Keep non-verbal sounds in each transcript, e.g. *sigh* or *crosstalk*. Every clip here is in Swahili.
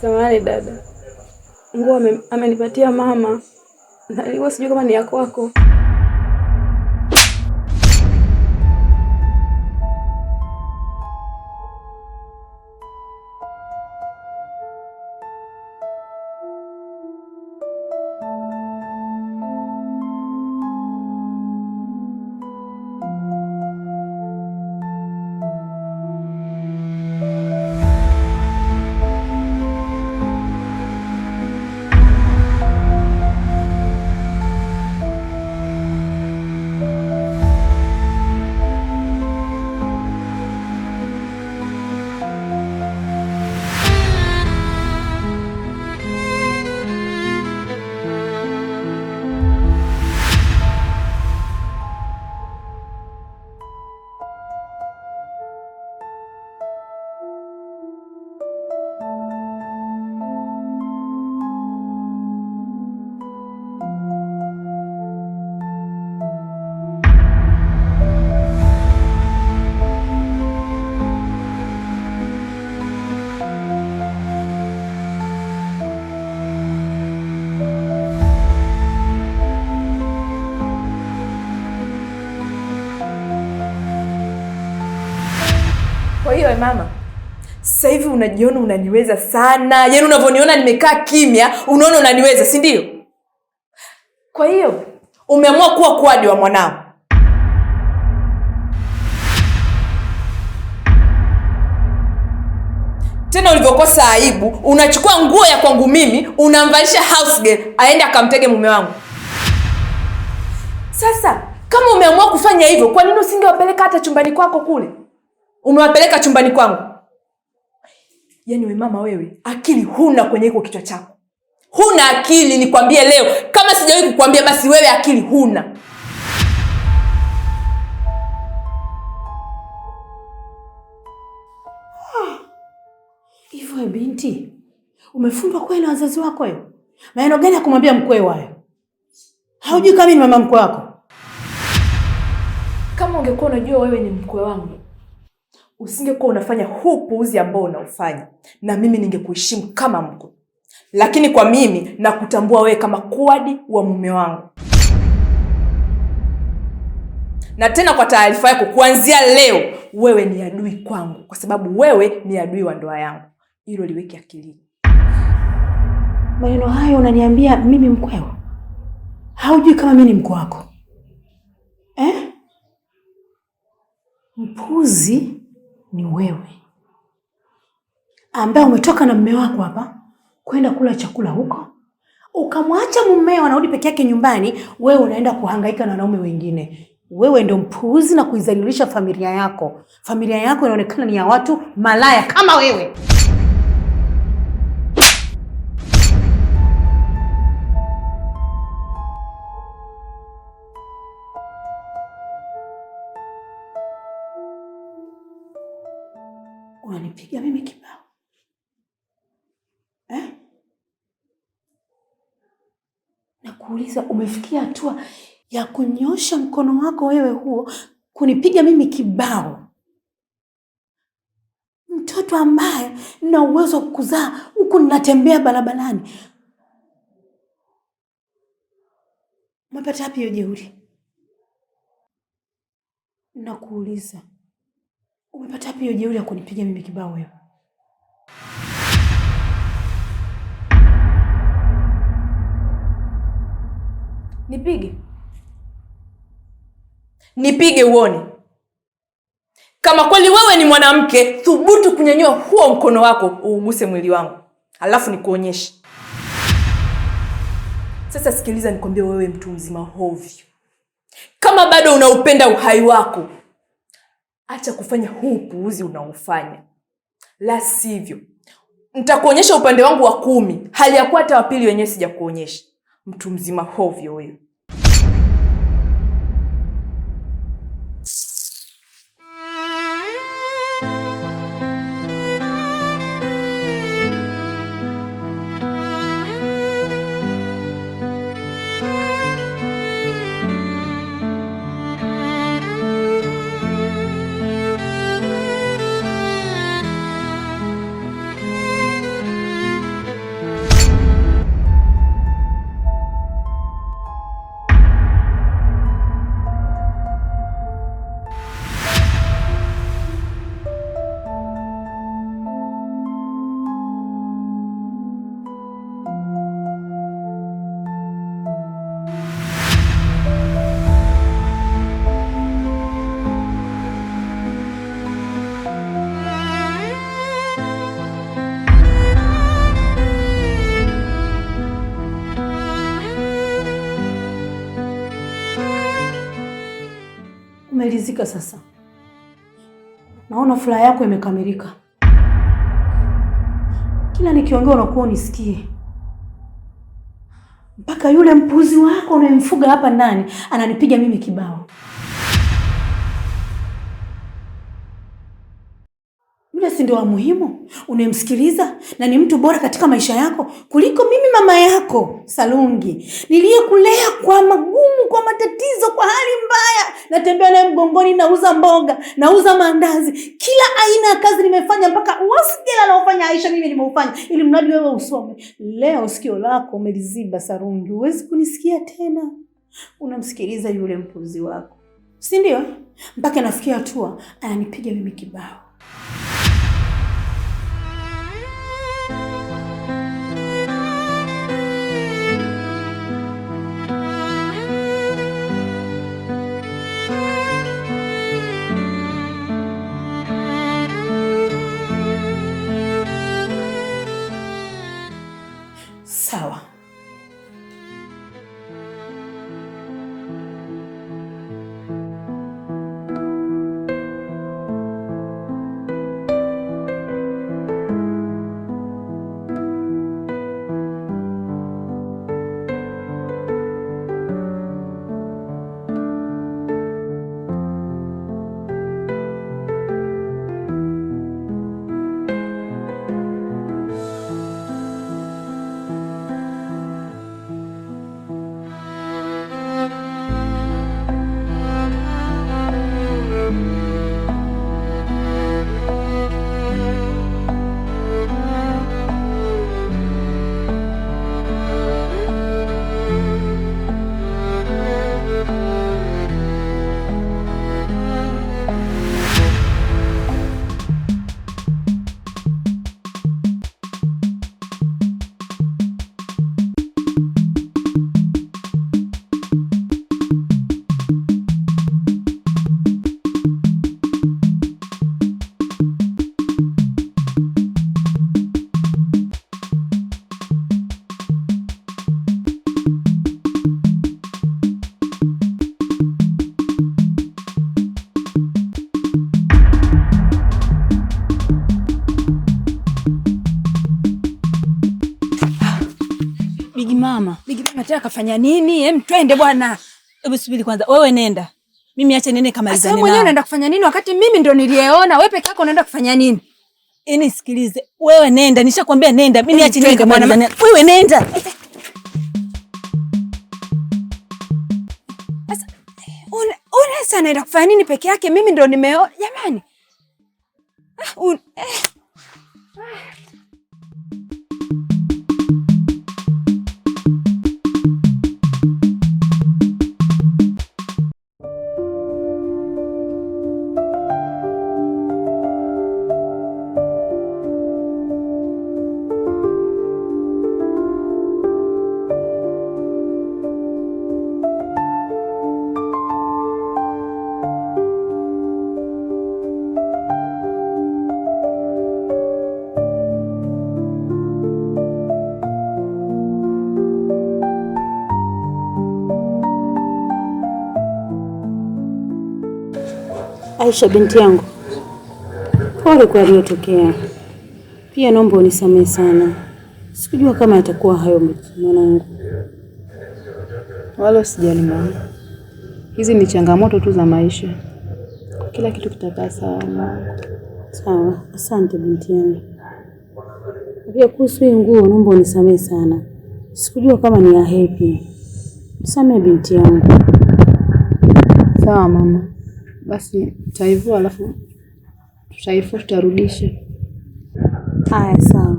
Samahani dada, nguo amenipatia mama, na sijui kama ni ya kwako. mama, sasa hivi unajiona unaniweza sana, yaani unavyoniona nimekaa kimya, unaona unaniweza, si ndio? Kwa hiyo umeamua kuwa kuadi wa mwanao. Tena ulivyokosa aibu, unachukua nguo ya kwangu mimi unamvalisha house girl aende akamtege mume wangu. Sasa kama umeamua kufanya hivyo, kwa nini usingewapeleka hata chumbani kwako kule? umewapeleka chumbani kwangu. Yaani we mama wewe, akili huna kwenye iko kichwa chako, huna akili. Nikwambie leo, kama sijawahi kukwambia, basi wewe akili huna. Hivyo binti, umefundwa kweli na wazazi wako? Yo, maneno gani ya kumwambia mkwe hayo? Haujui kama ni mama mkwe wako? Kama ungekuwa unajua wewe ni mkwe wangu usingekuwa unafanya huu puuzi ambao unaofanya, na mimi ningekuheshimu kama mko, lakini kwa mimi nakutambua wewe kama kuadi wa mume wangu. Na tena kwa taarifa yako, kuanzia leo wewe ni adui kwangu, kwa sababu wewe ni adui wa ndoa yangu. Hilo liweke akilini. Maneno hayo unaniambia mimi mkweo? Haujui kama mimi ni mko wako eh? Mpuzi ni wewe ambaye umetoka na mume wako hapa kwenda kula chakula huko, ukamwacha mumeo anarudi peke yake nyumbani, wewe unaenda kuhangaika na wanaume wengine. Wewe ndio mpuuzi na kuizalilisha familia yako. Familia yako inaonekana ni ya watu malaya kama wewe. amenipiga mimi kibao eh? na kuuliza umefikia hatua ya kunyosha mkono wako wewe huo kunipiga mimi kibao, mtoto ambaye na uwezo wa kuzaa huku ninatembea barabarani. Umepata wapi hiyo jeuri? Nakuuliza. Umepata wapi hiyo jeuri ya kunipiga mimi kibao wewe? Nipige nipige uone kama kweli wewe ni mwanamke. Thubutu kunyanyua huo mkono wako uuguse mwili wangu, alafu nikuonyeshe sasa. Sikiliza nikwambie, wewe mtu mzima hovyo, kama bado unaupenda uhai wako acha kufanya huu upuuzi unaofanya, la sivyo nitakuonyesha upande wangu wa kumi, hali ya kuwa hata wapili pili wenyewe sijakuonyesha. Mtu mzima hovyo huyo. umeridhika sasa. Naona furaha yako imekamilika. Kila nikiongea unakuwa unisikie, mpaka yule mpuzi wako unayemfuga hapa ndani ananipiga mimi kibao. Yule si ndio wa muhimu unayemsikiliza na ni mtu bora katika maisha yako kuliko mimi mama yako Salungi niliyekulea kwa magumu, kwa matatizo, kwa hali mbaya. Natembea naye mgongoni, nauza mboga, nauza maandazi, kila aina ya kazi nimefanya, mpaka uasikila anaofanya Aisha mimi nimeufanya, ili mradi wewe usome. Leo sikio lako umeliziba Salungi, huwezi kunisikia tena, unamsikiliza yule mpuzi wako, si ndio? Mpaka nafikia hatua ananipiga mimi kibao. Bigi Mama, Bigi Mama tena kafanya nini? Hem, twende bwana. Hebu subiri kwanza. Wewe nenda. Mimi acha nene kama hizo. Sasa mwenyewe unaenda kufanya nini wakati mimi ndo niliyeona? Wewe peke yako unaenda kufanya nini? Yaani sikilize. Wewe nenda. Nishakwambia nenda. Mimi acha nene kama bwana. Wewe nenda. Sasa una una sasa unaenda kufanya nini peke yake? Mimi ndo nimeona. Jamani. Ah, un, eh. ah. Aisha binti yangu, pole kwa aliyotokea. Pia naomba unisamehe sana, sikujua kama yatakuwa hayo. Mwanangu, wala sijali mama, hizi ni changamoto tu za maisha, kila kitu kitakaa sawa. Sawa, asante binti yangu. Pia kuhusu hii nguo, naomba unisamehe sana, sikujua kama ni ya hepi. Msamehe binti yangu. Sawa mama basi tutaivua alafu tutaifua tutarudisha. Haya, sawa,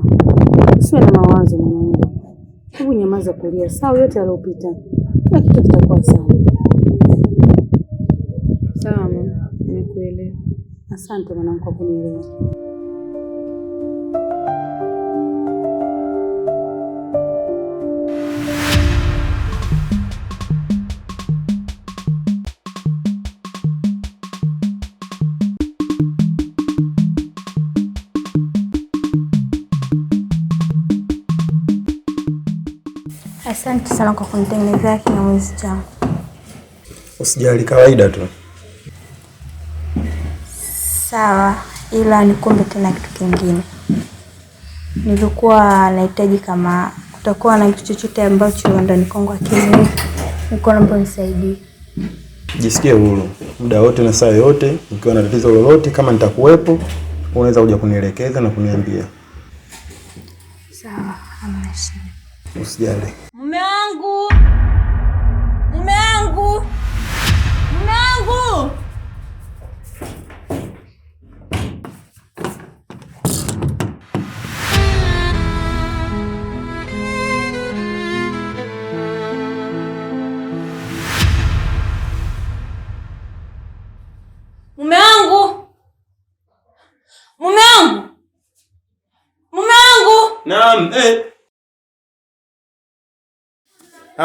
sio na mawazo mwanangu, hebu nyamaza kulia, sawa? Yote yaliyopita, kila kitu kitakuwa sawa. Sawa mama, nimekuelewa. Asante mwanangu kwa kunielewa. Asante sana kwa kunitengenezea mwezi changu. Usijali, kawaida tu. Sawa, ila nikumbe tena kitu kingine. Nilikuwa nahitaji kama kutakuwa na kitu chochote ambacho ndani kwangu akini niko naomba nisaidie. Jisikie huru muda wote na saa yote, ukiwa na tatizo lolote, kama nitakuwepo, unaweza kuja kunielekeza na kuniambia. Sawa, hamna shida. Usijali yangu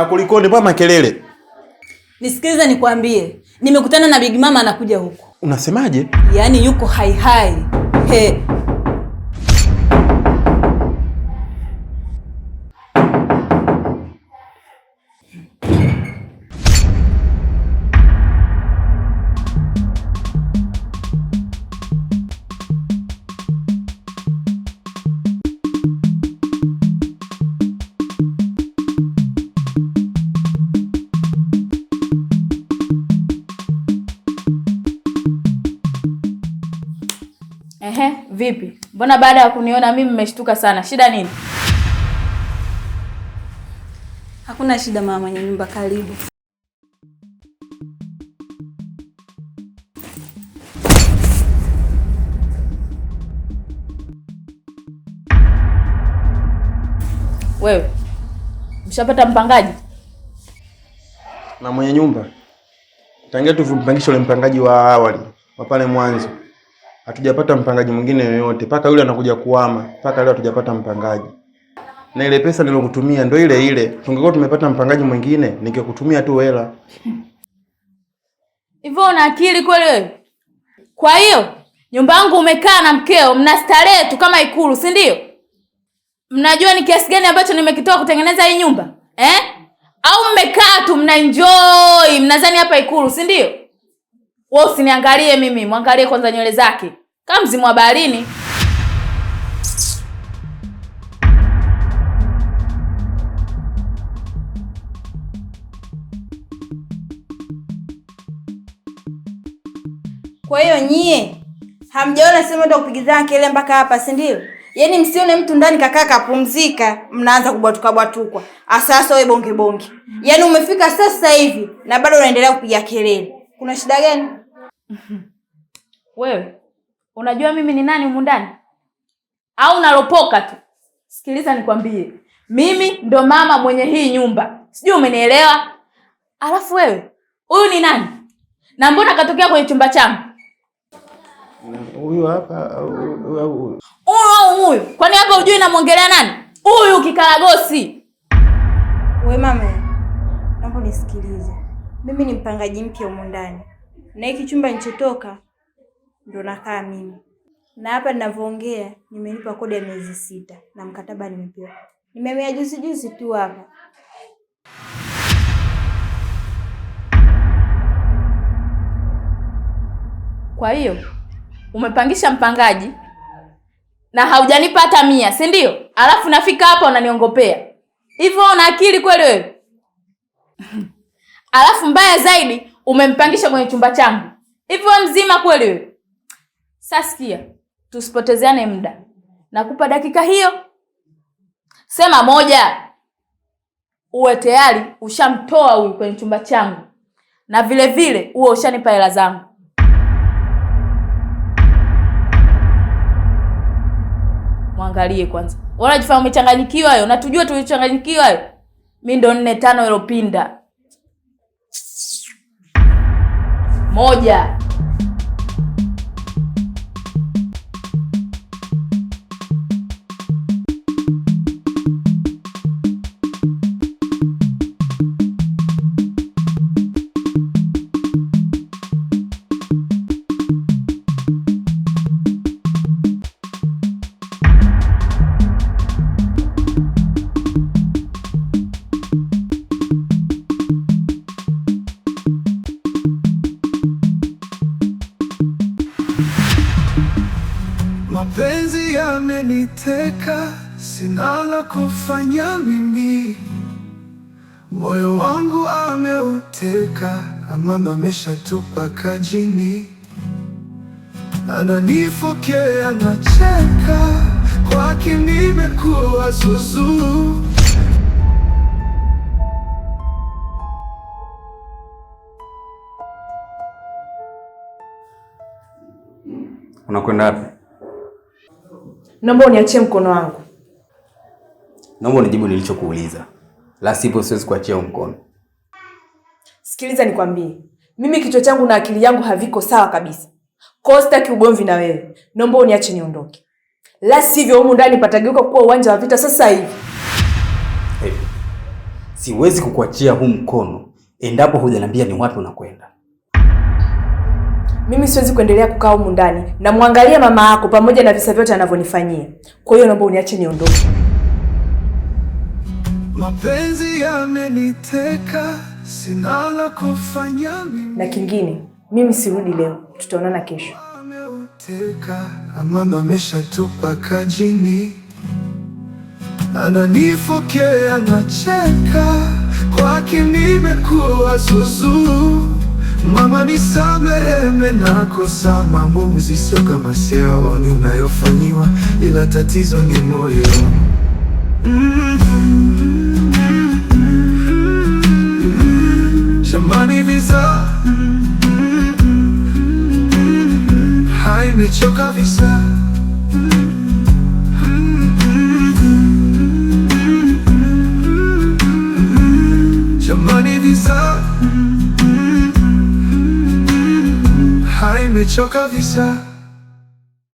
kulikoni bwana makelele? Nisikilize nikwambie. Nimekutana na Big Mama anakuja huko. Unasemaje? Yaani yuko hai hai. He, Ehe, vipi? Mbona baada ya kuniona mimi mmeshtuka sana, shida nini? Hakuna shida mama mwenye nyumba, karibu. Wewe mshapata mpangaji na mwenye nyumba? Tangia tu tuvimpangisha ule mpangaji wa awali wa pale mwanzo hatujapata mpangaji mwingine yoyote, mpaka yule anakuja kuhama, mpaka leo hatujapata mpangaji. Na ile pesa nilokutumia ndio ile ile. Tungekuwa tumepata mpangaji mwingine, ningekutumia tu hela *laughs* hivyo. Una akili kweli wewe? Kwa hiyo nyumba yangu umekaa na mkeo, mna starehe tu kama Ikulu, si ndio? Mnajua ni kiasi gani ambacho nimekitoa kutengeneza hii nyumba eh? Au mmekaa tu mna enjoy, mnazani hapa Ikulu, si ndio? Wewe usiniangalie mimi, mwangalie kwanza nywele zake kama mzimu wa baharini. Kwa hiyo nyie hamjaona sema ndo kupigizana kelele mpaka hapa, si ndio? Yaani msione mtu ndani kakaa kapumzika, mnaanza kubwatuka bwatukwa. Asasa wewe bonge bonge, yaani umefika sasa hivi na bado unaendelea kupiga kelele, kuna shida gani? *laughs* Wewe unajua mimi ni nani humu ndani au nalopoka tu? Sikiliza nikwambie, mimi ndo mama mwenye hii nyumba, sijui umenielewa? Alafu wewe huyu ni nani na mbona katokea kwenye chumba changu? Huyu hapa huyu au huyu? Kwani hapa hujui namwongelea nani? Huyu kikaragosi. We mama, naomba nisikilize, mimi ni mpangaji mpya humu ndani na hiki chumba nilichotoka ndo nakaa mimi, na hapa ninavyoongea nimelipa kodi ya miezi sita na mkataba nimepewa, nimemea juzi juzi tu hapa. Kwa hiyo umepangisha mpangaji na haujanipa hata mia, si ndio? Alafu nafika hapa unaniongopea hivyo, una akili kweli wewe? *laughs* Alafu mbaya zaidi umempangisha kwenye chumba changu hivi? Wewe mzima kweli wewe? Sasa sikia, tusipotezeane muda, nakupa dakika hiyo, sema moja, uwe tayari ushamtoa huyu kwenye chumba changu, na vile vile uwe ushanipa hela zangu. Mwangalie kwanza, unajifanya umechanganyikiwa. Hayo natujua tulichanganyikiwa. Hayo Mimi ndo nne tano ilopinda moja. uliniteka, sina la kufanya mimi, moyo wangu ameuteka, amama ameshatupa kajini, ananifokea nacheka, kwake nimekuwa zuzu Unakwenda wapi? naomba uniachie mkono wangu. Naomba unijibu nilichokuuliza, la sipo siwezi kuachia mkono. Sikiliza nikwambie, mimi kichwa changu na akili yangu haviko sawa kabisa, kwa sitaki ugomvi na wewe. Naomba uniache niondoke, la sivyo humu ndani patageuka kuwa uwanja wa vita sasa hivi. Hey, siwezi kukuachia huu mkono endapo hujaniambia ni wapi unakwenda mimi siwezi kuendelea kukaa humu ndani, namwangalia mama yako pamoja na visa vyote anavyonifanyia. Kwa hiyo naomba uniache niondoke. Mapenzi yameniteka, sina la kufanya. Na kingine, mimi sirudi leo, tutaonana kesho. Mama ameshatupa kajini, ananifokea, anacheka kwake, nimekuwa zuzu Mama, nisamehe nimekosa, mambo sio kama siaoni unayofanyiwa, ila tatizo ni moyo mm -hmm. Shambani visa mm -hmm. visa Shambani visa Bahari imechoka visa